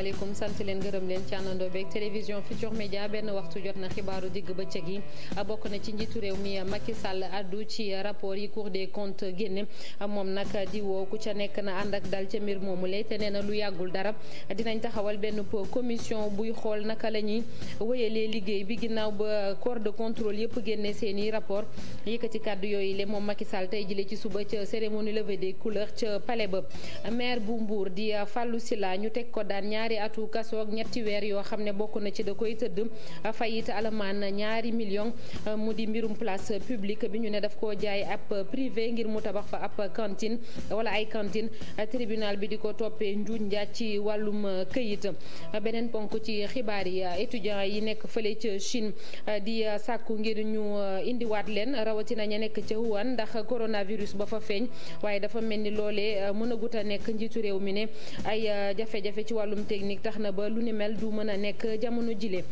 asalaamaaleykum sant leen gërëm leen ci àndandoo beeg télévision Futur Média benn waxtu jot na xibaaru digg bëccëg yi bokk na ci njiitu réew mi Macky addu ci rapport yi Cour des comptes génne moom nag di woo ku ca nekk na ànd ak dal ca mbir moomu lay te nee na lu yàggul dara dinañ taxawal benn commission buy xool naka la ñuy wéyalee liggéey bi ginnaaw ba corps de contrôle yëpp génne seeni i rapport yëkkati kàddu yooyu le moom Macky Sall tey jëlee ci suba ca cérémonie levée des couleurs ñaari atu kaso ñetti weer yoo xam ne bokk na ci da koy tëdd fayit alamaan ñaari million mu di mbirum place publique bi ñu ne daf koo jaay ab privé ngir mu tabax fa ab cantine wala ay cantine tribunal bi di ko toppee njuuj njaaj ci wàllum këyit beneen ponk ci xibaar yi étudiants yi nekk fële ca Chine di sàkku ngir ñu indiwaat leen rawatina ña nekk ca Wuhan ndax coronavirus ba fa feeñ waaye dafa mel ni loolee mën a gut a nekk njiitu réew mi ne ay technique tax na ba lu ni mel du mën a nekk jamono jile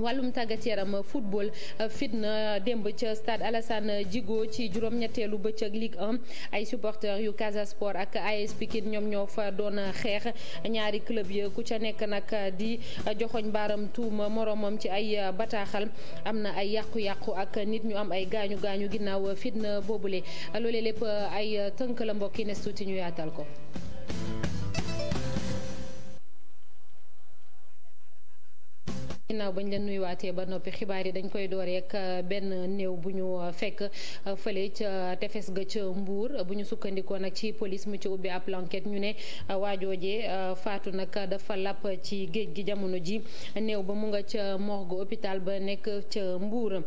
wàllum tàggat yaram football fitna démb ca stade Alassane jigo ci juróom-ñetteelu bëccëg Ligue 1 ay supporters yu Casa Sport ak AS Pikine ñoom ñoo fa doon xeex ñaari club yi ku ca nekk nag di joxoñ baaram tuuma moroomam ci ay bataaxal am na ay yàqu-yàqu ak nit ñu am ay gaañu gaañu ginnaaw fitna boobule loolee lépp ay tënk la mbokk yi ne suuti ñu yaatal ko. ginnaaw bañ leen nuyuwaatee ba noppi xibaar yi dañ koy door rek euh, benn néew bu ñu euh, fekk euh, fële ca tefes ga ca mbuur bu ñu sukkandikoo nag ci police mu ci ubbi ab enquête ñu ne waajoojee faatu nag dafa lapp ci géej gi jamono ji néew ba mu nga ca morgue hôpital ba nekk ca Mbour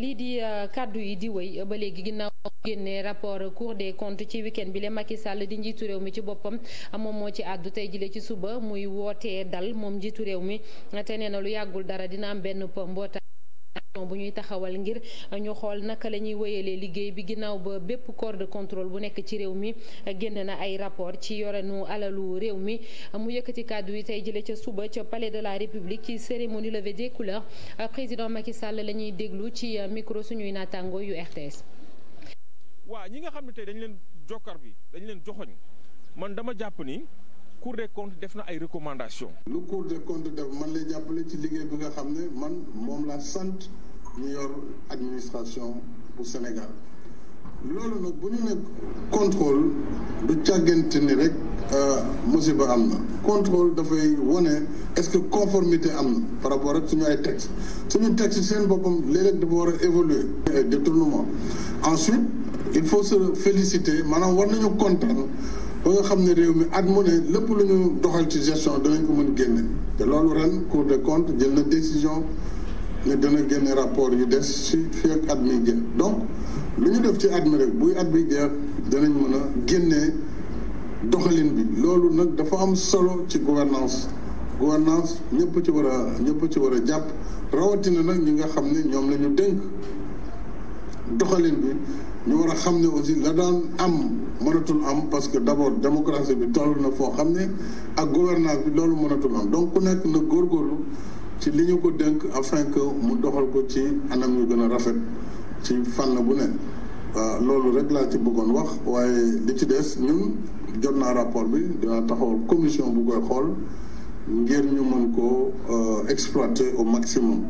lii di kàddu yi di wéy ba léegi ginnaaw génnee rapport cour des contre ci week bi le Macky Sall di njiitu réew mi ci boppam moom moo ci àddu tey jile ci suba muy wootee dal moom njiitu réew mi te nee na lu yàggul dara dina am benn po mbootaay bu ñuy taxawal ngir ñu xool naka la ñuy wéyalee liggéey bi ginnaaw ba bépp corps de contrôle bu nekk ci réew mi génn na ay rapport ci nu alalu réew mi mu yëkkati kàddu yi tey jële ca suba ca palais de la république ci cérémonie levée des couleurs président Macky Sall la ñuy déglu ci micro suñuy naataango yu RTS waa ñi nga xam ne tey dañu leen jokkar bi dañu leen joxoñ man dama jàpp ni cour des comptes def na ay recommandations. lu cour des comptes def man lay jàppale ci liggéey bi nga xam ne man moom laa sant ñu yor administration bu Sénégal loolu nag bu ñu ne contrôle du càggante ni rek euh, musiba am na contrôle dafay wone est-ce que conformité am na par rapport ak suñu ay texte suñu texte seen boppam léeg-léeg dafa war a évoluer détournement ensuite il faut se féliciter maanaam war nañu kontaan ba nga xam ne réew mi at mu ne lépp lu ñu doxal ci gestion danañ ko mën génne te loolu ren Cour des comptes jël na décision ne dana génne rapport yu des si fii ak at mi jeex donc lu ñu def ci at mi rek buy at bi jeex danañ mën a génnee doxalin bi loolu nag dafa am solo ci gouvernance gouvernance ñëpp ci war a ñëpp ci war a jàpp rawatina nag ñi nga xam ne ñoom la ñu dénk doxalin bi ñu war a xam ne aussi la daan am mënatul am parce que d' abord démocratie bi toll na foo xam ne ak gouvernance bi loolu mënatul am donc ku nekk na góorgóorlu ci li ñu ko dénk afin que mu doxal ko ci anam yu gën a rafet ci fànn bu ne euh, loolu rek laa ci bëggoon wax waaye li ci des ñun jot naa rapport bi dinaa taxawal commission bu koy xool ngir ñu mën ko euh, exploiter au maximum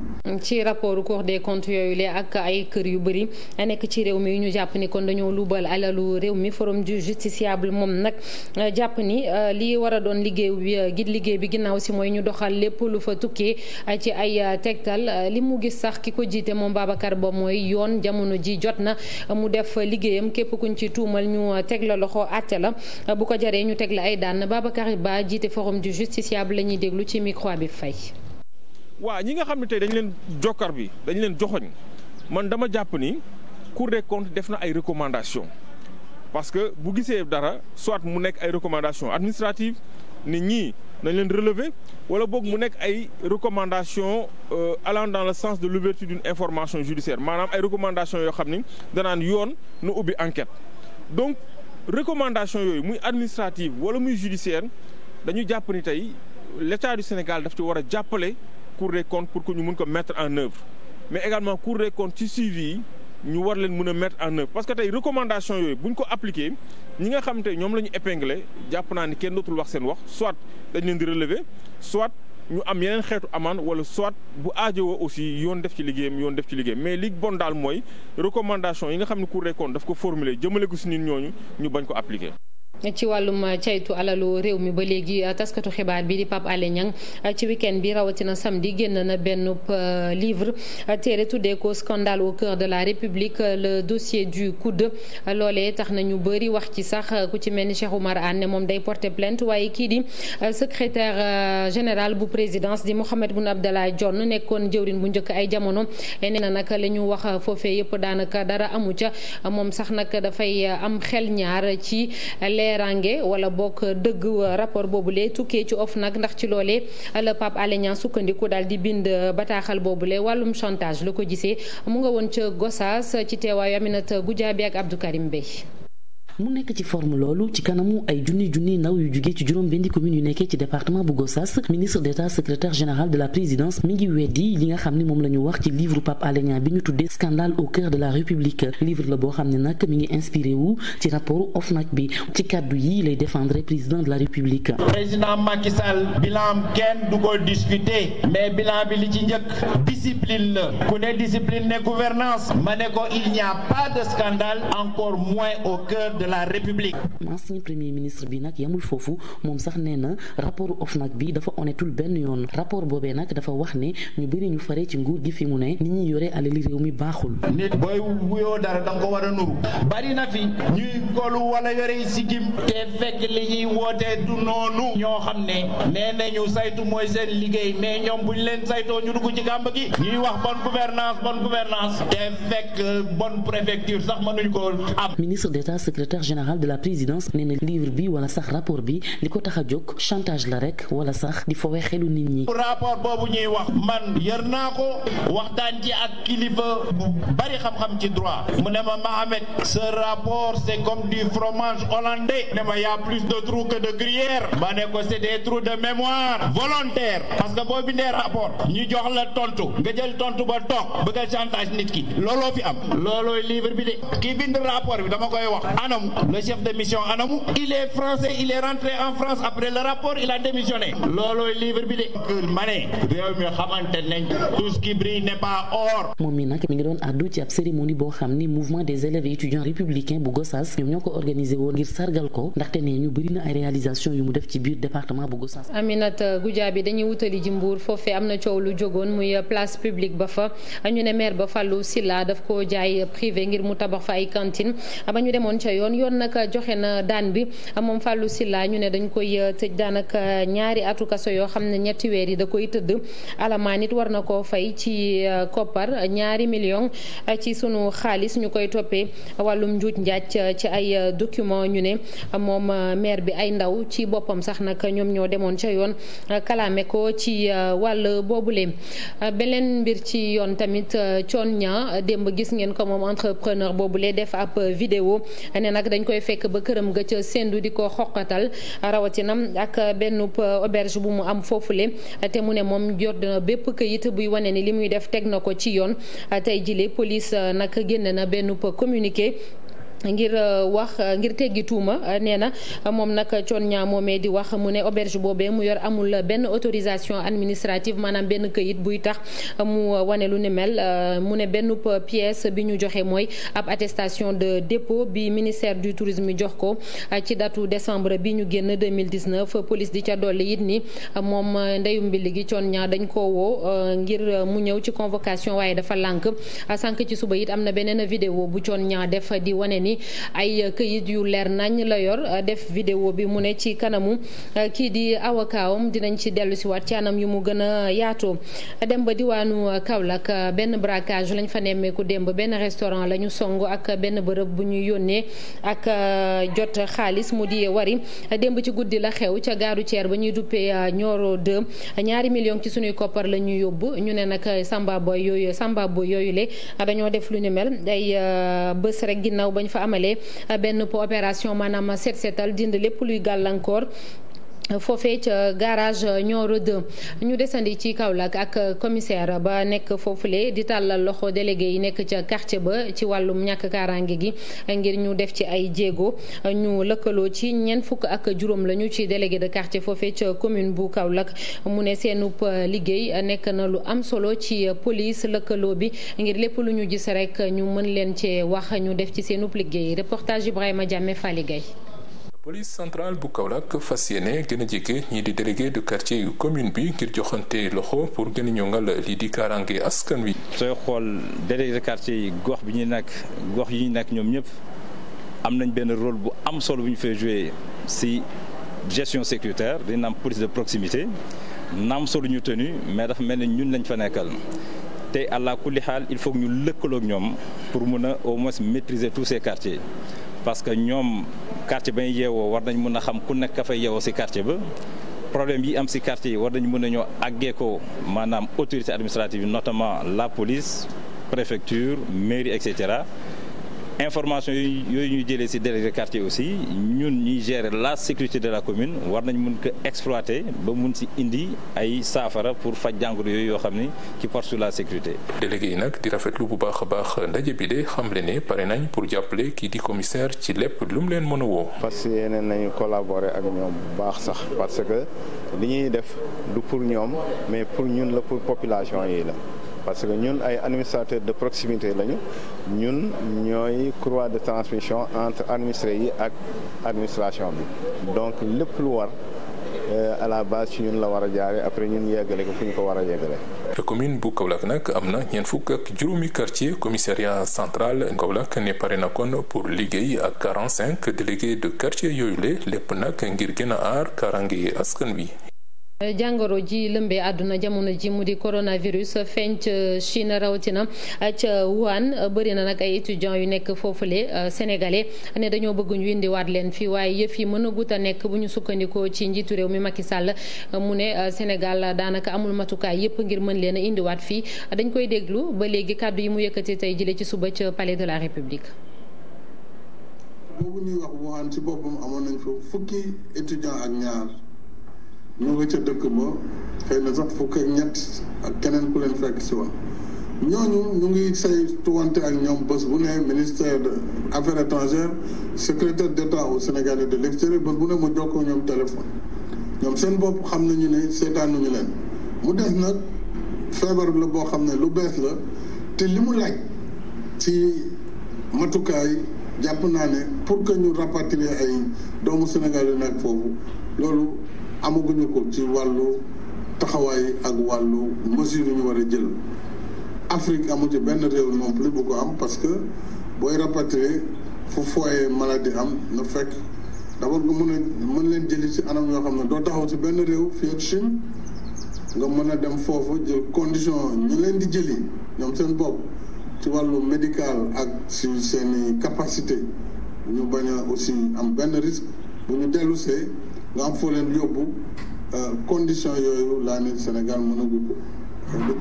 ci rapport Cour des comptes yooyu le ak ay kër yu bëri nekk ci réew mi ñu jàpp ni kon dañoo luubal alalu réew mi forum du justiciable moom nag euh, jàpp ni euh, li war a doon liggéey bi euh, gi liggéey bi ginnaaw si mooy ñu doxal lépp lu fa tukkee ci ay tegtal li mu gis sax ki ko jiite moom Babacar Ba mooy yoon jamono ji jot na mu def liggéeyam képp kuñ ci tuumal ñu teg la loxo àtte la bu ko jaree ñu teg la ay daan Babacar Ba jiite forum du justiciable la ñuy déglu ci micro bi fay waa ñi nga xam ne tey dañu leen jokkar bi dañu leen joxoñ man dama jàpp ni Cour des comptes def na ay recommandations parce que bu gisee dara soit mu nekk ay recommandations administratives nit ñii nañ leen relever wala boog mu nekk ay recommandations euh, allant dans le sens de l'ouverture d'une information judiciaire maanaam ay recommandations yoo xam ni danaan yoon nu ubbi enquête donc recommandations yooyu muy administrative wala muy judiciaire dañu jàpp ni tey l'État du Sénégal daf ci war a jàppale cour des comptes pour que ñu mun ko mettre en œuvre mais également cour des comptes ci suivi yi ñu war leen mën a mettre en œuvre parce que tey recommandation yooyu bu ñu ko appliqué ñi nga xam te ñoom la ñu épinglé jàpp naa ni kenn dootul wax seen wax soit dañ leen di relever soit ñu am yeneen xeetu amende wala soit bu aajowoo aussi yoon def ci liggéeyam yoon def ci liggéeyam mais li bon daal mooy recommandation yi nga xam ne cour des comptes daf ko formuler jëmale ko si nit ñooñu ñu bañ ko appliqué. ci wàllum caytu alalu réew mi ba léegi taskatu xibaar bi di Pape Alé Niang ci week-end bi rawatina samedi génn na benn euh, livre téere tuddee ko scandale au cœur de la République le dossier du coude loolee tax na ñu bëri wax ci sax ku ci mel ni Cheikh Oumar Anne moom day porter plainte waaye kii di euh, secrétaire euh, général bu présidence di Mohamed Boun Abdallah Dionne nekkoon jëwrin bu njëkk ay jamono nee na nag li wax foofee yëpp daanaka dara amu ca moom sax nag dafay am xel ñaar leerange wala bokk dëgg rapport boobu lee tukkee ci nag ndax ci loolee la Pape Alé sukkandiku daal di bind bataaxal boobu boobule wàllum chantage la ko gisee mu nga woon ca Gossas ci teewaayu Aminata Goudiaby ak Abdou Karim Bey mu nekk ci forme loolu ci kanamu ay junni junni ndaw yu jugee ci juróom benni commune yu nekkee ci département bu Gossas ministre d'état secrétaire général de la présidence mi ngi weddi li nga xam ne moom la wax ci livre Pape Alé bi ñu tuddee scandale au cœur de la république livre la boo xam ne nag mi ngi inspiré ci rapport OFNAC bi ci kàddu yi lay défendre président de la république. président Macky Sall kenn du ko discuter mais la république. ancien premier ministre bi nag yamul foofu moom sax nee na rapport OFNAC bi dafa onetul benn yoon rapport boobee nag dafa wax ne ñu bëri ñu fare ci nguur gi fi mu ne nit ñi yore alali réew mi baaxul. nit booy wuyoo dara da nga ko war a nuru. bari na fi ñuy golu wala yore sikkim te fekk li ñuy wootee du noonu. ñoo xam ne nee nañu saytu mooy seen liggéey mais ñoom buñ leen saytoo ñu dugg ci kàmb gi. ñuy wax bonne gouvernance bonne gouvernance te fekk bo préfecture sax mënuñ ko am. ministre d'État secrétaire secrétaire général de la présidence nee na livre bi wala sax rapport bi li ko tax a la rek wala sax di fowe xelu nit ñi. rapport boobu ñuy wax man yër naa ne ma Mohamed ce rapport c'est comme du fromage hollandais ma y a plus de ma ne ko c'est des trous de mémoire volontaire parce que boo bindee rapport ñu jox la tontu nga jël tontu ba toog bëgg a chantage nit ki looloo fi am loolooy livre bi de ki bind rapport bi dama koy wax anam le chef de mission anamu il est français il est rentré en France après le rapport il a démissionné loolooy livre bi de ma ne réew mi xamante nañ tout ce qui brille n'est pas doon àddu ci ab cérémonie boo xam ni mouvement des élèves et étudiants républicains bu Gossas ñoom ñoo ko organisé woon ngir sargal ko ndaxte ne ñu bëri na ay réalisation yu mu def ci biir département bu Gossas Aminata Goudia bi dañuy wutali ji Mbour foofee am na coow lu jógoon muy place publique ba fa ñu ne maire ba Fallou Silla daf ko jaay privé ngir mu tabax fa ay yoon yoon nag joxe na daan bi moom fàllu Silla ñu ne dañ koy euh, tëj daanaka ñaari atu yoo xam ne ñetti weer yi da koy tëdd alamaan it war na koo fay ci euh, koppar ñaari million euh, ci suñu xaalis ñu koy toppee wàllum njuuj njaaj ci ay document ñu ne moom maire bi ay ndaw ci boppam sax nag ñoom ñoo demoon ca yoon kalaame ko ci wàll boobule beneen mbir ci yoon tamit coon ña démb gis ngeen ko moom entrepreneur boobule def ab vidéo nee nag dañ koy fekk ba këram ga ca sendu di ko xoqatal rawatinam ak benn oberge euh, bu mu am foofu foofule te mu ne moom jot na bépp këyit buy wane ni li muy def teg na ko ci yoon tey jile police euh, nag génne na benn communiqué. ngir euh, wax euh, ngir teggi tuuma euh, nee na moom nag coon ñaa moomee di wax mu ne auberge boobee mu yor amul benn autorisation administrative maanaam benn këyit buy tax mu wane lu ni mel mu ne benn pièce bi ñu joxe mooy ab attestation de dépôt bi ministère du tourisme jox ko ci datu décembre bi ñu génn 2019 police di ca dolli it ni moom ndeyu mbili gi coon dañ ko woo ngir mu ñëw ci convocation waaye dafa lànk sànq ci suba it am na beneen vidéo bu coon def ni ay këyit yu leer nañ la yor euh, def vidéo bi mu ne ci kanamu euh, kii di awakaawam dinañ ci dellu si waat ci anam yu mu gën a yaatoo dem ba diwaanu euh, Kaolack benn braquage lañ fa nemmeeku démb benn restaurant la ñu song ak benn bërëb bu ñu yónnee ak jot xaalis mu di wari démb ci guddi la xew ca gaaru ceer ba ñuy duppee Nioro 2 ñaari million ci suñuy koppar la ñu yóbbu ñu ne nag samba boy yooyu yooyu le dañoo def lu ni mel ay bés rek ginnaaw bañ fa fa amalee benn opération ma set setal dindi lépp luy gàllankoor foofee ca garage Nioro 2 ñu desandi ci Kaolack ak commissaire ba nekk foofu foofule di tàllal loxo délégué yi nekk ca quartier ba ci wàllum ñàkk kaaraange gi ngir ñu def ci ay jéego ñu lëkkaloo ci ñeent fukk ak juróom lañu ci délégué de quartier foofee ca commune bu Kaolack mu ne seenub liggéey nekk na lu am solo ci police lëkkaloo bi ngir lépp lu ñu gis rek ñu mën leen cee wax ñu def ci seenub liggéey reportage Ibrahima Diame Fally Gueye police centrale bu Kaolack fas yéene gën a jege ñii di délégué de quartier yu commune bi ngir joxante loxo pour gën a ñoŋal lii di kaaraange askan wi. sooy xool délégué de quartier yi gox bi ñu nekk gox yi ñu nekk ñoom ñëpp am nañ benn rôle bu am solo bu ñu fay joué si gestion sécuritaire dinañ am police de proximité naam solo ñu tenu mais dafa mel ni ñun lañ fa nekkal. te àlla kulli xaal il faut que ñu lëkkaloog ñoom pour mun a au moins maitriser tous ces quartiers quartier ba ñu yeewoo war nañ mën a xam ku nekk ka fay yeewoo si quartier ba problème yi am si quartier yi war nañ mën a ñoo àggee ko maanaam autorité administrative notamment la police préfecture mairie et cetera information yooyu yooyu ñuy jëlee ci délégué quartier aussi ñun ñuy gere la sécurité de la commune war nañ mun ko exploiter ba mun ci indi ay saafara pour faj jàngoro yooyu yoo xam ni ci porte sur la sécurité. délégué yi nag di rafetlu bu baax a baax ndaje bi de xamle ne pare nañ pour jàppale kii di commissaire ci lépp lu mu leen mën a woo. parce que yeneen nañu collaborer ak ñoom bu baax sax parce que li ñuy def du pour ñoom mais pour ñun la pour population yi la. parce que ñun ay administrateurs de proximité lañu ñun ñooy croix de transmission entre administré yi ak administration bi donc lépp lu war euh, à la base ci ñun la war a jaare après ñun yeggale ko fu ñu ko war a yeggale commune bu Kaolack nag am na ñeent fukk ak juróomi quartier commissariat central Kaolack ne pare na kon pour liggéey ak 45 délégués de quartier yooyu le lépp nag ngir gën a aar karange askan wi jàngoro ji lëmbee àdduna jamono ji mu di coronavirus feeñ ca Chine rawatina ca Wuhan bëri na nag ay étudiants yu nekk foofule euh, sénégalais ne dañoo bëgg ñu indiwaat leen fii waaye yëf yi mën a gut a nekk bu ñu sukkandikoo ci njiitu réew mi Macky Sall mu ne euh, Sénégal daanaka amul matukaay yëpp ngir mën leen a indiwaat fii dañ koy déglu ba léegi kàddu yi mu yëkkati tey jëlee ci suba ca palais de la République. ñu ngi ca dëkk ba xëy na sax fukk ak ak keneen ku leen fekk si woon ñooñu ñu ngi saytuwante ak ñoom bés bu ne ministère de affaires étrangères secrétaire d'État au Sénégal et de l'extérieur bés bu ne mu jokkoo ñoom téléphone ñoom seen bopp xam na ñu ne ñu leen mu des nag feebar la boo xam ne lu bees la te li mu laaj ci matukaay jàpp naa ne pour que ñu rapatrier ay doomu Sénégal yu nekk foofu loolu amaguñu ko ci wàllu taxawaay ak wàllu mesure yu ñu war jël Afrique amu ci benn réew non plus bu ko am parce que booy rapatrier fu foyee maladie am na fekk d'abord nga mun a mën leen jëli ci anam yoo xam ne doo taxaw ci benn réew fii ak Chine nga mën a dem foofu jël condition ñu leen di jëli ñoom seen bopp ci wàllu médical ak ci seeni capacité ñu bañ a aussi am benn risque bu ñu dellusee nga am foo leen yóbbu euh, condition yooyu laa ne Sénégal mën a gudd bu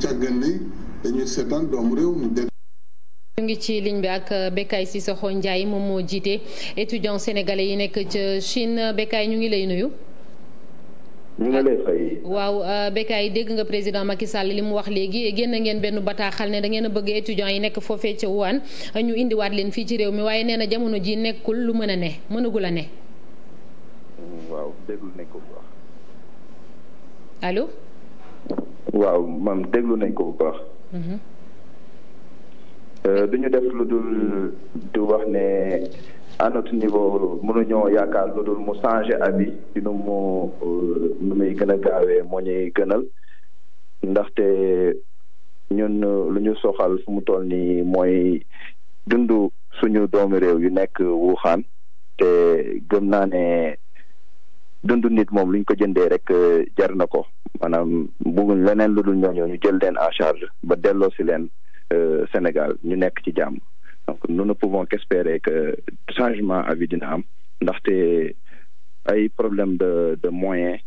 dañuy seetaan doomu réew mi ñu ngi ci ligne bi ak si Sissoko njaay moom moo jiite étudiant sénégalais yi nekk ca Chine Bekay ñu ngi lay nuyu waaw euh, Bekay dégg nga président Macky Sall li mu wax léegi génn ngeen benn bataaxal ne da ngeen bëgg étudiants yi nekk foofee ca Wuhan ñu indiwaat leen fii ci réew mi waaye nee na jamono ji nekkul lu mën a ne mënagul a ne waaw déglu nañ bu baax. allo. waaw maam déglu nañ ko bu baax. Mhm. Euh, du ñu def lu dul di wax ne à notre niveau mënuñoo yaakaar lu dul mu changé abi ci nu mu euh, nu gën a gaawee moo ñuy gënal ndaxte ñun lu ñu soxal fu mu toll nii mooy dund suñu doomu réew yu nekk Wuhan te gëm naa ne dundu nit moom luñ ko jëndee rek euh, jar na ko maanaam bëgguñ leneen lu dul ñooñu ñu jël leen en charge ba delloo si leen euh, Sénégal ñu nekk ci jàmm donc nous ne pouvons qu'espérer que changement avis dina am ndaxte ay problème de de moyens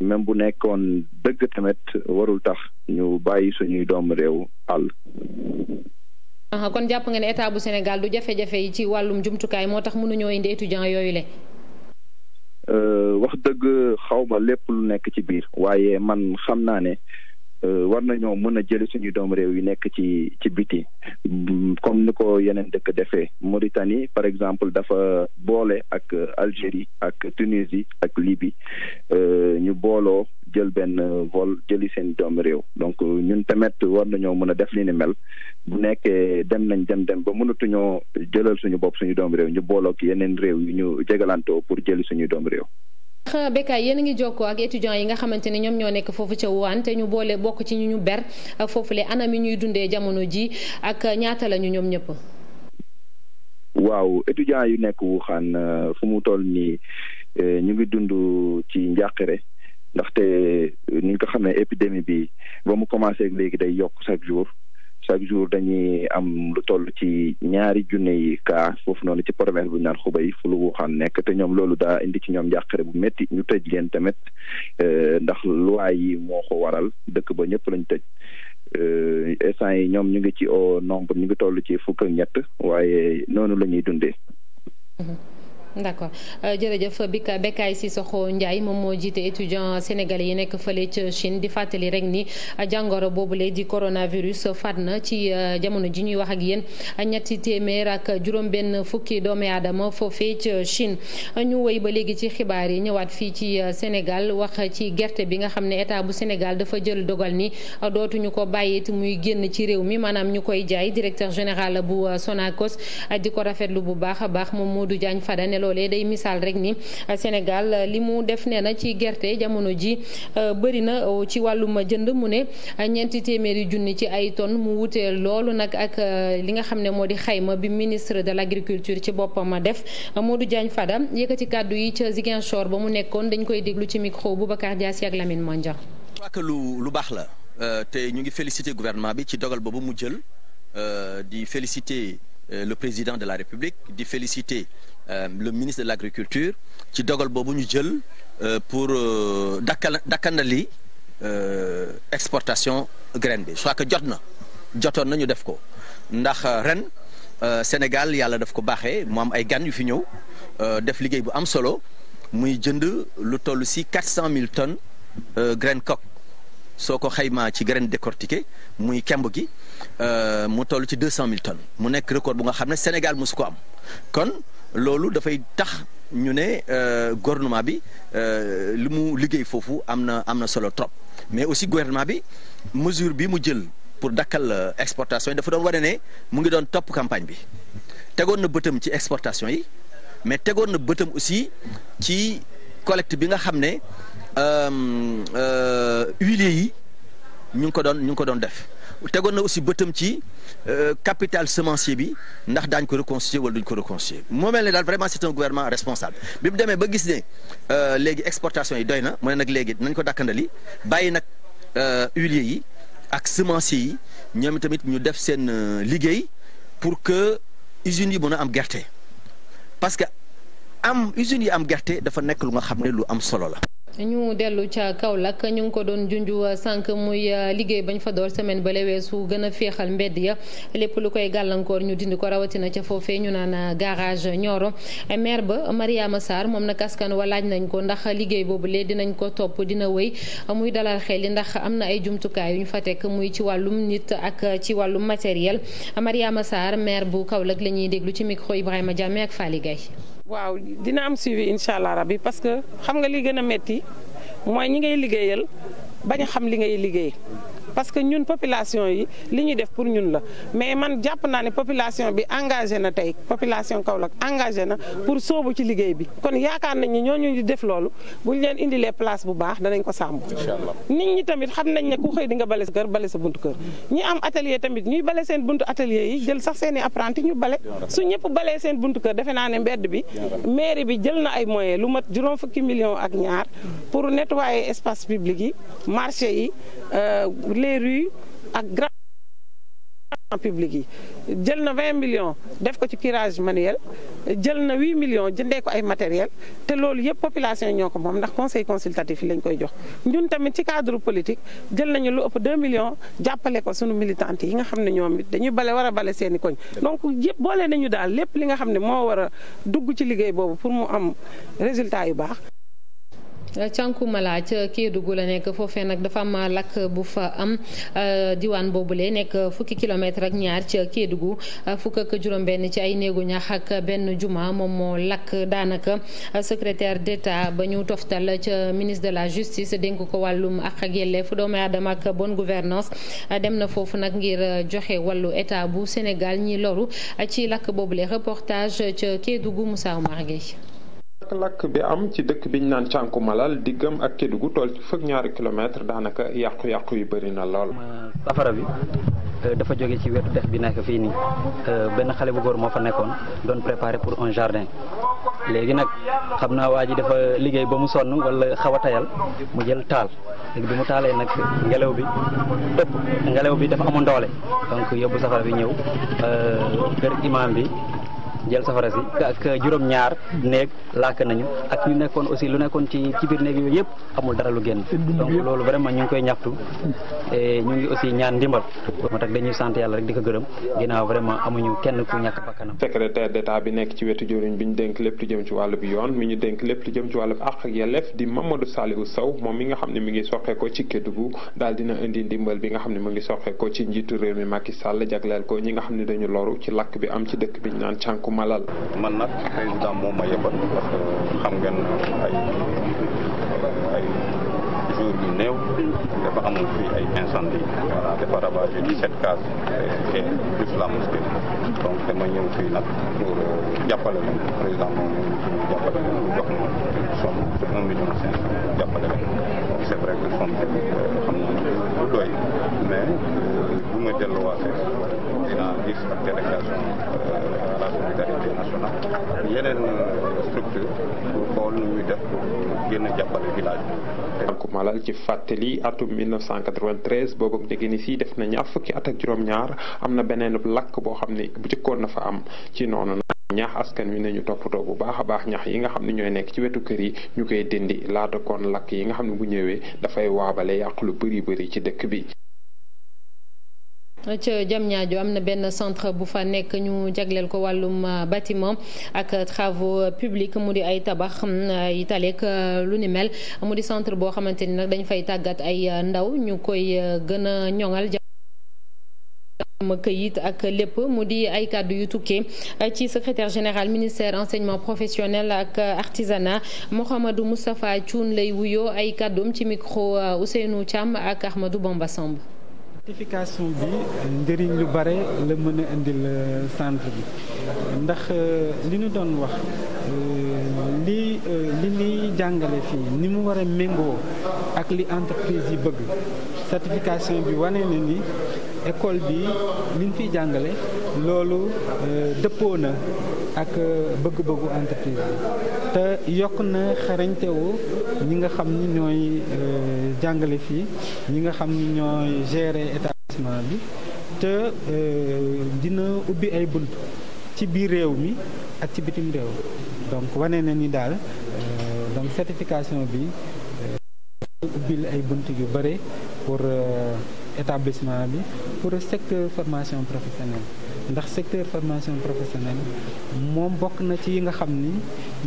même bu nekkoon dëgg tamit warul tax ñu bàyyi suñuy doomu réew àll. Ah, kon jàpp nga ne état bu Sénégal du jafe-jafe yi ci wàllum jumtukaay moo tax mënuñoo indi étudiants yooyu le Euh, wax dëgg xawma lépp lu nekk ci biir waaye man xam naa ne euh, war nañoo mën a jëli suñu doom réew yu nekk ci ci biti mm, comme ni ko yeneen dëkk defee Mauritanie par exemple dafa boole ak Algérie ak Tunisie ak Libye euh, ñu booloo jël benn vol jëli seen doomu réew donc euh, ñun tamit war nañoo mën a def li ni mel bu nekkee dem nañ dem dem ba mënatuñoo jëlal suñu bopp suñu doomu réew ñu boolook yeneen réew yu ñu jegalantoo pour jëli suñu doomu réew. ndax Bécaye yéen a ngi jokkoo ak étudiants yi nga xamante ne ñoom ñoo nekk foofu ca Wuhan te ñu boole bokk ci ñu ñu ber foofu le anam yi ñuy dundee jamono ji ak ñaata lañu ñoom ñëpp. waaw étudiants yu nekk Wuhan euh, fu mu toll nii euh, ñu ngi dund ci njàqare ndaxte euh, ni nga ko xam ne épidémie bi ba mu commencé léegi day yokk chaque jour chaque jour dañuy am lu toll ci ñaari junne yi cas foofu noonu ci province bu ñu naan Xubay fu lu Wuhan nekk te ñoom loolu daa indi ci ñoom njàqare bu métti ñu tëj leen tamit euh, ndax loi yi moo ko waral dëkk ba ñëpp lañ tëj euh, instant yi ñoom ñu ngi ci o nombre ñu ngi toll ci fukk ñett waaye noonu la ñuy dundee. Mm-hmm. d'accord euh, jërëjëf Bika Bekay Sissoko Ndiaye moom moo jiite étudiant sénégalais yi nekk fële ca Chine di fàttali rek ni euh, jàngoro boobule di coronavirus faat na ci euh, jamono ji ñuy wax ak yéen ñetti téeméer ak juróom-benn fukki doomi aadama foofee ca Chine ñu wéy ba léegi ci xibaar yi ñëwaat fii ci Sénégal wax ci gerte bi nga xam ne état bu Sénégal dafa jël dogal ni dootuñu ko bàyyi it muy génn ci réew mi maanaam ñu koy jaay directeur général bu Sonacos loolee day misaal rek ni Sénégal li mu def nee na ci gerte jamono ji euh, bëri na euh, ci wàllum jënd mu ne euh, ñeenti téeméeri junni ci ay tonnes mu wute loolu nag ak li nga xam ne moo di xayma bi ministre de l'agriculture ci boppam def moo Modou Diagne Fada yëkkati kàddu yi ca Ziguinchor ba mu nekkoon dañ koy déglu ci micro Boubacar Diassi ak Lamine Mandia. je crois que lu lu baax la te ñu ngi féliciter gouvernement bi ci dogal boobu mu jël di féliciter. Euh, le président de la République di féliciter euh, le ministre de l'agriculture ci dogal boobu ñu jël euh, pour dakkal dakkandali exportation graine bi soit que jot na jotoon na ñu def ko ndax ren Sénégal yàlla def ko baaxee mu am ay gan yu fi ñëw def liggéey bu am solo muy jënd lu toll si quatre cent mille tonnes graine coque soo ko xayma ci graine décortiquée muy kemb gi euh, mu toll ci deux cent mille tonnes mu nekk record bu nga xam ne Sénégal mosu ko am kon loolu dafay tax ñu ne euh, gouvernement bi euh, li mu liggéey foofu am na am na solo trop mais aussi gouvernement bi mesure bi mu jël pour dakkal exportation yi dafa doon wane ne mu ngi doon topp campagne bi tegoon na bëtam ci exportation yi mais tegoon na bëtam aussi ci collecte bi nga xam ne Euh, euh, huiliers yi ñu ngi ko doon ñu ngi ko doon def tegoon na aussi bëtam ci euh, capital semencier bi ndax daañ ko reconstituer wala duñ ko reconstituer moo mel ne daal vraiment c'est un gouvernement responsable bi mu demee ba gis ne léegi exportation yi doy na mooy nag léegi nañ ko dàkkandali bàyyi nag huiliers yi ak semencier yi ñoom tamit ñu def seen liggéey pour que usines yi mën a am gerte parce que am usines yi am gerte dafa nekk lu nga xam ne lu am solo la. ñu dellu ca Kaolack ñu ngi ko doon junj sànq muy euh, liggéey ñu fa door semaine ba la leweesu gën a féexal mbedd ya lépp lu koy gàllankoor ñu dindi ko rawatina ca foofee ñu naan euh, garage Nioro maire ba Mariama Sarr moom nag askan wa laaj nañ ko ndax liggéey boobu lee dinañ ko topp dina wéy muy dalal xel ndax am na ay jumtukaay yu ñu fa teg muy ci wàllum nit ak ci wàllum matériel Mariama Sarr maire bu Kaolack la ñuy déglu ci micro Ibrahima Diame ak Faly Gaye waaw dina am suivi incha allah rabbi parce que xam nga li gën a métti mooy ñi ngay liggéeyal bañ xam li ngay liggéey parce que ñun population yi li ñuy def pour ñun la mais man jàpp naa ne population bi engagé na tey population Kaolack engagé na pour soobu ci liggéey bi kon yaakaar nañ ni ñooñu di def loolu ñu leen indilee place bu baax danañ ko sàmbu nit ñi tamit xam nañ ne ku xëy di nga bale sa kër bale sa buntu kër ñi am atelier tamit ñuy bale seen buntu atelier yi jël sax seeni i apprenti ñu bale su ñëpp balee seen buntu kër defe naa ne mbedd bi mairie bi jël na ay moyens lu mat juróom fukki millions ak ñaar pour nettoyer espace public yi marché yi Euh, les rues ak grand public yi jël na vingt millions def ko ci curage manuel jël na huit million jëndee ko ay matériel te loolu yëpp population ñoo ko moom ndax conseil consultatif yi lañ koy jox ñun tamit ci cadre politique jël nañu lu ëpp deux millions jàppale ko suñu militante yi nga xam ne ñoom dañuy bale war a bale seeni koñ donc yëpp boole nañu daal lépp li nga xam ne moo war a dugg ci liggéey boobu pour mu am résultat yu baax Cankumala ca Kédougou la nekk foofee nag dafa am lakk bu fa am euh, diwaan boobu lee nekk fukki kilomètre ak ñaar ca Kédougou euh, fukk ak juróom-benn ci ay néegu ñax ak benn juma moom moo lakk daanaka euh, secrétaire d'État ba ñu toftal ca ministre de la justice dénk ko wàllum ak ak yelleef doomu aadama ak bonne gouvernance dem na foofu nag ngir joxe wàllu état bu Sénégal ñi loru ci lakk boobule reportage ca Kédougou Moussa Oumar Gueye lakk ci dëkk biñ naan cànku malal diggam ak Kédougou tool ci fukk ñaari daanaka yàqu-yàqu yu bëri na lool. safara bi euh, dafa jóge ci wetu dex bi nekk fii nii euh, benn xale bu góor moo fa nekkoon doon préparé pour un jardin léegi nag xam naa waa ji dafa liggéey ba mu sonn wala xaw a tayal mu jël taal léegi bi mu taalee nag ngelaw bi ëpp ngelaw bi dafa amoon doole donc yóbbu safara bi ñëw euh, kër imaam bi. jël safara si ak juróom-ñaar néeg laaka nañu ak ñu nekkoon aussi lu nekkoon ci ci biir néeg yooyu yëpp amul dara lu génn donc loolu vraiment ñu koy ñaxtu ñu ngi aussi ñaan ndimbal moo tax dañuy sant yàlla rek di ko gërëm ginnaaw vraiment amuñu kenn ku ñàkk bakkanam secrétaire d'état bi nekk ci wetu jëriñ bi ñu dénk lépp lu jëm ci wàllu bi yoon mi ñu denk lépp lu jëm ci wàllu bi àq ak yelleef di Mamadou Saliou Sow moom mi nga xam ne mi ngi soxe ko ci Kédougou daal dina indi ndimbal bi nga xam ne mu ngi soxe ci njiitu réew mi Macky Sall jagleel ko ñi nga xam ne dañu loru ci lakk bi am ci dëkk bi malal. man nag président moom ma yebal parce que xam ngeen ay ay jour yu néew dafa amul fii ay incendie voilà dafa ravagé 17 cases et plus la mosquée donc dama ñëw fii nag pour euh, jàppale leen président moom ñu jàppale leen jox ma somme un million cinq cent jàppale leen c'est vrai que somme bi euh, xam naa doy mais euh, bu ma delluwaatee dinaa gis ak délégation national ak yeneen structure pour xool nu ñuy def pour gën a jàppale village bi. ko malal ci fàttali atum 1993 boobu ak léegi ni si def na ñaar fukki at ak juróom-ñaar am na beneen lakk boo xam ne bu jëkkoon na fa am ci noonu. ñaax askan wi nañu toppatoo bu baax a baax ñax yi nga xam ne ñooy nekk ci wetu kër yi ñu koy dindi laata kon lakk yi nga xam ne bu ñëwee dafay waabale yàq lu bari bari ci dëkk bi. ca Diamniadio am na benn centre bu fa nekk ñu jagleel ko wàllum euh, bâtiment ak travaux publics mu di ay tabax mm, ay taleek euh, lu ni mel mu di centre boo xamante ni nag dañ fay tàggat ay euh, ndaw ñu koy gën a ñoŋal am këyit ak lépp mu di ay kàddu yu tukkee ci secretaire général ministère enseignement professionnel ak artisanat Mouhamadou Moustapha Thioune lay wuyoo ay kàddum ci micro Ousseynou Thiam ak Ahmadou Bamba Samb certification bi njëriñ lu bare la mën a indil euh, centre bi ndax euh, li ñu doon wax euh, li li ñuy jàngale fii ni mu war méngoo ak li entreprise yi bëgg certification bi wane na ni école bi liñ fiy jàngale loolu euh, dëppoo na ak euh, bëgg-bëggu entreprise te yokk na xarañtewu ñi nga xam ni ñooy euh, jàngale fii ñi nga xam ni ñooy gérer établissement bi te dina ubbi ay bunt ci biir réew mi ak ci bitim réew donc wane na ni daal donc certification bi ubbil ay bunt yu bare pour euh, établissement bi pour secteur formation professionnelle ndax secteur formation professionnelle moom bokk na ci nga xam ni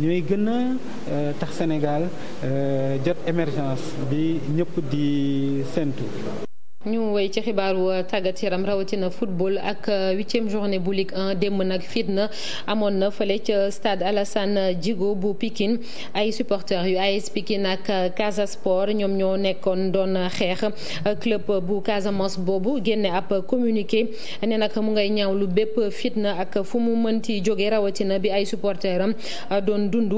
ñooy gën a euh, tax Sénégal euh, jot émergence bi ñëpp di séntu. ñu woy ci xibaaru euh, tàggat yaram rawatina football ak euh, huitième journée bu lig 1 démb nag fitna amoon na fële ca stade Alassane jigo bu pikin ay supporters yu ay Pikine ak euh, Casa Sport ñoom ñoo nekkoon doon xeex club bu Casamance boobu génne ab communiqué ne nag mu ngay ñaaw lu bépp fitna ak fu mu mënti jóge rawatina bi ay supporters am doon dund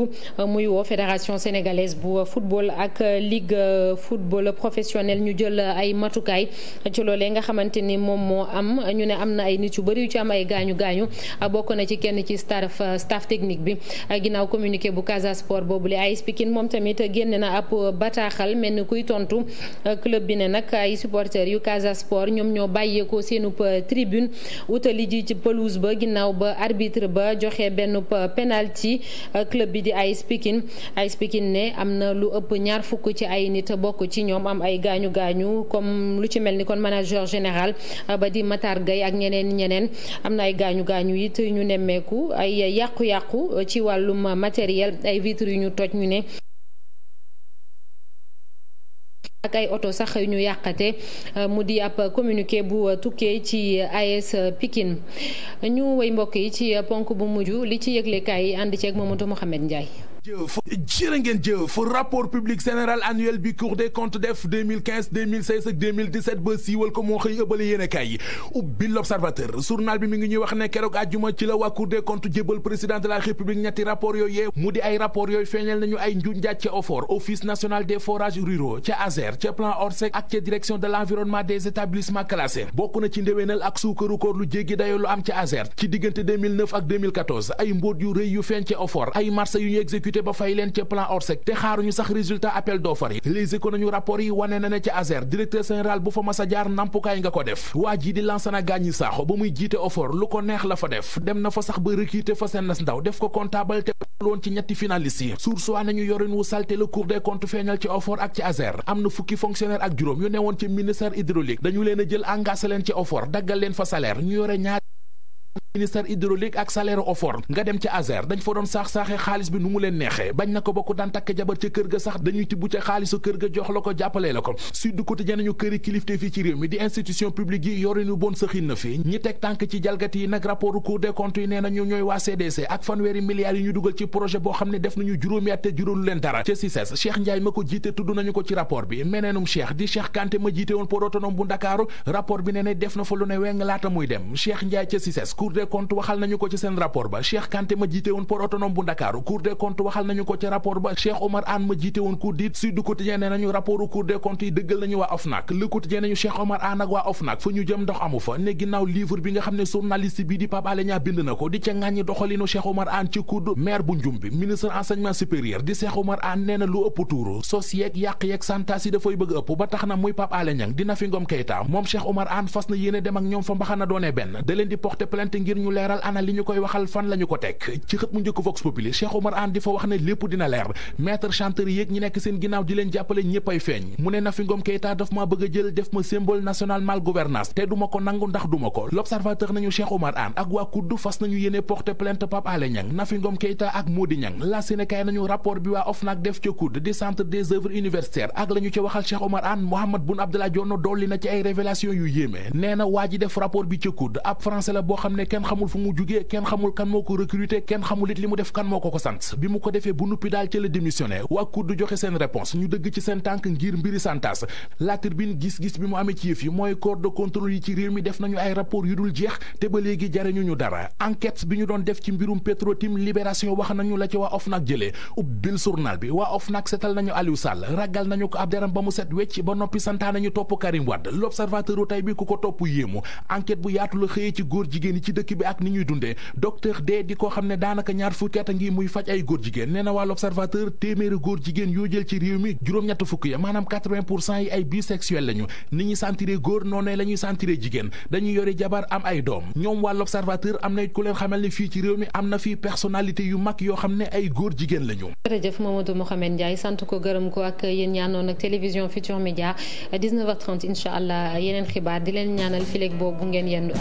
muy woo fédération sénégalaise bu football ak ligue football professionnel ñu jël ay matukaay. ci loolee nga xamante ni moom moo am ñu ne am na ay nit yu bëri yu ci am ay gaañu gaañu bokk na ci kenn ci staff staff technique bi ginnaaw communiqué bu Casa Sport boobule AS Pikine moom tamit génne na ab bataaxal mel ni kuy tontu club bi ne nag ay supporters yu Casa Sport ñoom ñoo bàyyeekoo seenu seenub tribune wutali ji ci pelouse ba ginnaaw ba arbitre ba joxe benn penalty club bi di AS Pikine AS Pikine ne am na lu ëpp ñaar fukk ci ay nit bokk ci ñoom am ay gaañu mel ni kon manager général euh, ba di Matar ak ñeneen ñeneen am na ay gaañu gaañu it ñu nemmeeku ay yàqu-yàqu euh, ci wàllum matériel ay vitre yu ñu toj ñu ne. ak ay oto sax ñu yàqate euh, mu di ab communiqué bu tukkee ci AS Pikine ñu woy mbokk yi ci ponk bu mujj li ci yëglekaay yi ànd ceeg Mamadou Mouhamed Ndiaye. jëf ngeen jëf rapport public général annuel bi cour des comptes def ak ba siiwal ko moo xëy ëbbale yéen kay ubbi l'observateur journal bi mi ngi ñuy wax ne keroog àjjuma ci la waa cour des comptes jébal président de la république ñetti rapport yooyu yee mu di ay rapport yooyu feeñal nañu ay njuñ njaaj ca OFOR office national des forages ruraux ca ASER ca plan ORSEC ak ca direction de l'environnement des établissements classés bokk na ci ndéwénal député ba fay leen ca plan Orsec te xaaruñu sax résultat appel d'offres yi les éco nañu rapport yi wane na ne ca ASER directeur général bu fa mas a jaar nampukaay nga ko def waa ji di Lansana Gagny Sakho ba muy jiite OFOR lu ko neex la fa def dem na fa sax ba recruter fa seen nas ndaw def ko comptable te loon ci ñetti finalistes yi sursoit ñu yorin wu salte le cours des comptes feeñal ci OFOR ak ci ASER am na fukki fonctionnaire ak juróom yu newoon ci a ministère hydraulique ak salaire offort nga dem ca Azer dañ fa doon saax-saaxee xaalis bi nu mu leen neexee bañ na ko bokk daan takk jabar ca kër ga sax dañuy tibb ca xaalisu kër ga jox la ko jàppalee la ko Sud Quotidien nañu këri ñu ñooy waa CDC ak fanweeri milliards yi ñu dugal ci projet boo xam ne def nañu juróomi at te juróolu leen dara ca CICES Cheikh Ndiaye ma ko jiite tudd nañu ko ci rapport bi meneenum Cheikh di Cheikh Kanté ma jiite woon port bu des comptes waxal nañu ko ci seen rapport ba Cheikh Kanté ma jiite woon port autonome bu Ndakaaru cour des comptes waxal nañu ko ci rapport ba Cheikh Omar Anne ma jiite woon cour d'it Sud Quotidien ne nañu rapportu cour des comptes yi dëggal nañu waa OFNAC Le Quotidien nañu Omar Anne ak waa OFNAC fa ñu jëm ndox amu fa ne ginnaaw livre bi nga xam ne journaliste bi di Pape bind na ko di ca ŋàññi doxalinu Cheikh ngir ñu leeral ana li ñu bëgg a jël def ma symbole national mal gouvernance te duma ko nangu ndax duma ko l'observateur nañu Cheikh Omar Anne ak waa kudd fas nañu yéene porter plainte Pape Alé Niang Nafi Ngom Keïta ak Mody Niang la nañu rapport bi waa OFNAC def ca kudd di centre des œuvres universitaires ak la ñu waxal Cheikh Omar Anne Mohamed Boun Abdallah Dionne dolli na ci ay révélation yu yéeme nee na waa ji def rapport bi ca kudd ab français la kenn xamul fu mu jugee kenn xamul kan moo ko recruter kenn xamul it li mu def kan moo ko ko sant bi mu ko defee bu nuppi daal ca la démissionné waa COUD du joxe seen réponse ñu dëgg ci seen tànk ngir mbiri santas la tribune gis-gis bi mu amee ci yëf yi mooy corps de contrôle yi ci réew mi def nañu ay rapport yu dul jeex te ba léegi jariñu ñu dara enquête bi ñu doon def ci mbirum Petro-Tim Libération wax nañu la ci waa OFNAC jëlee ubbil journal bi waa OFNAC setal nañu Aliou Sall ragal ko ab deram ba mu set wecc ba noppi santaa nañu topp Karim Wade l'observateur u tey bi ku ko topp yéemu enquête bu yaatu la xëyee ci góor dëkk bi ak ni ñuy dundee docteur de di ko xam ne daanaka ñaar fukki at ngi muy faj ay góor jigéen nee na waa l'observateur téeméeri góor jigéen yoo jël ci réew mi juróom-ñett fukk ya maanaam 80 pour cent yi ay bisexuel lañu ni ñuy sentiré góor noonu la ñuy sentiré jigéen dañuy yore jabar am ay doom ñoom waa l'observateur am na ku leen xamal ne fii ci réew mi am na fi personnalité yu mag yoo xam ne ay góor jigéen lañu. jërëjëf Mamadou Mouhamed Ndiaye sant ko gërëm ko ak yéen ñaanoon ak télévision Futur Média 19h30 incha allah yeneen xibaar di leen ñaanal fileeg boobu ngeen yendu